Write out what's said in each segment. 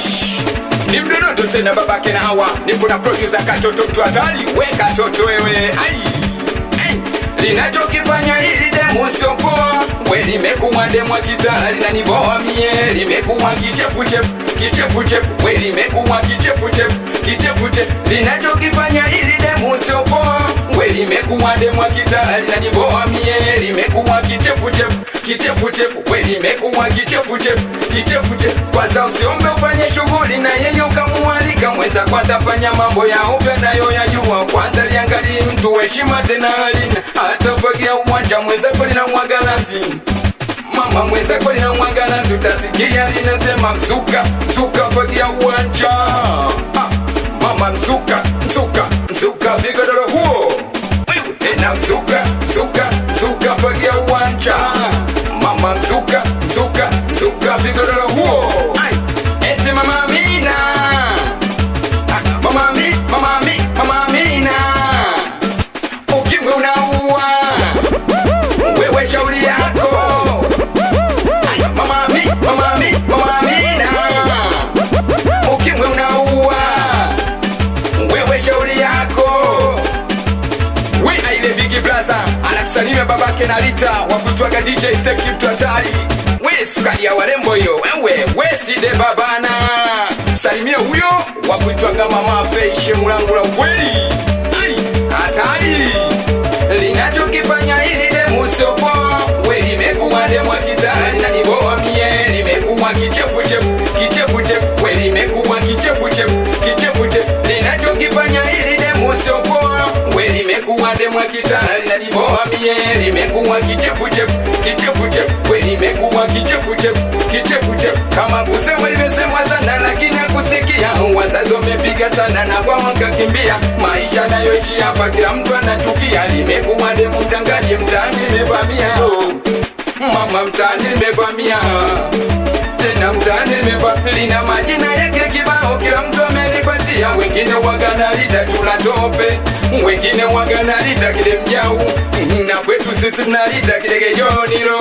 fresh ni mdududu tena babake na hawa ni kuna producer katoto mtu hatari we katoto wewe ai ai linachokifanya hili demu sio poa we limekumwa demu akita linaniboa mie limekumwa kichefuchefu kichefuchefu we limekumwa kichefuchefu kichefuchefu linachokifanya mwa mwademwa kitala niboa mie limekuwa kichefuchefu kichefuchefu kweli imekuwa kichefuchefu kichefuchefu kwaza usiombe ufanye shughuli na yeye ukamualika mweza kwatafanya mambo ya ovya nayo yajua kwanza liangali mtu heshima tena halina atafagia uwanja mwezako lina mwaga lazima mama mwezako lina mwaga lazi utasikia linasema mzuka mzuka fagia uwanja ah, mama mzuka Now zuka, zuka, zuka, forget what msanii babake na Rita wakutwaga DJ Seki mtu hatari, we sukari ya warembo hiyo wewe, we side babana, msalimie huyo wakutwaga mama Feishe mulangu la kweli hatari, linachokifanya hili demu sopo we limekuwa demu akitari na niboa mie limekuwa kichefuchefu kichefuchefu mademu akitana linaniboa mie, nimekuwa kichefuchefu kichefuchefu, we nimekuwa kichefuchefu kichefuchefu, kama kusema imesemwa sana, lakini akusikia. Wazazi wamepiga sana na kwa kimbia, maisha nayoishi hapa kila mtu anachukia. Nimekuwa demu mdangaji, mtaani nimevamia, mama mtaani nimevamia tena mtaani lina majina yake kibao, kila mtu amenipatia, wengine waganalita chula tope wengine waganalita kide mjau na kwetu sisi tunalita kidegejoniro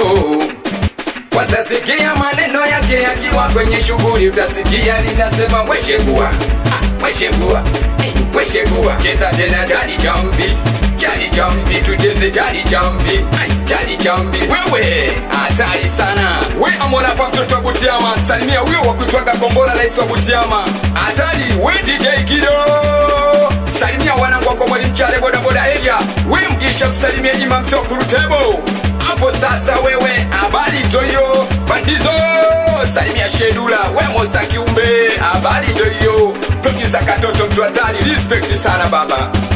wasasikia maneno yake akiwa kwenye shughuli utasikia linasema weshegua ah, weshegua eh, weshegua cheza tena jali champi jali champi tucheze jali champi ai jali champi wewe hatari sana we amona kwa mtoto wa Butiama salimia huyo wa kuitwaga kombora rais wa Butiama hatari we DJ Kido kisha msalimie Imam Sefu Rutebo. Hapo sasa wewe abali ndoyo bandizo, salimia Shedula we mosta kiumbe, habari ndoyo producer katoto mtu hatari, respect sana baba.